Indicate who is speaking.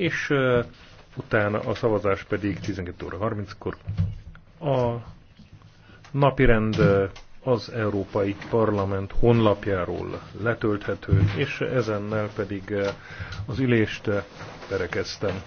Speaker 1: és utána a szavazás pedig 12 óra 30-kor. A napirend az Európai Parlament honlapjáról letölthető, és ezennel pedig az ülést
Speaker 2: perekeztem.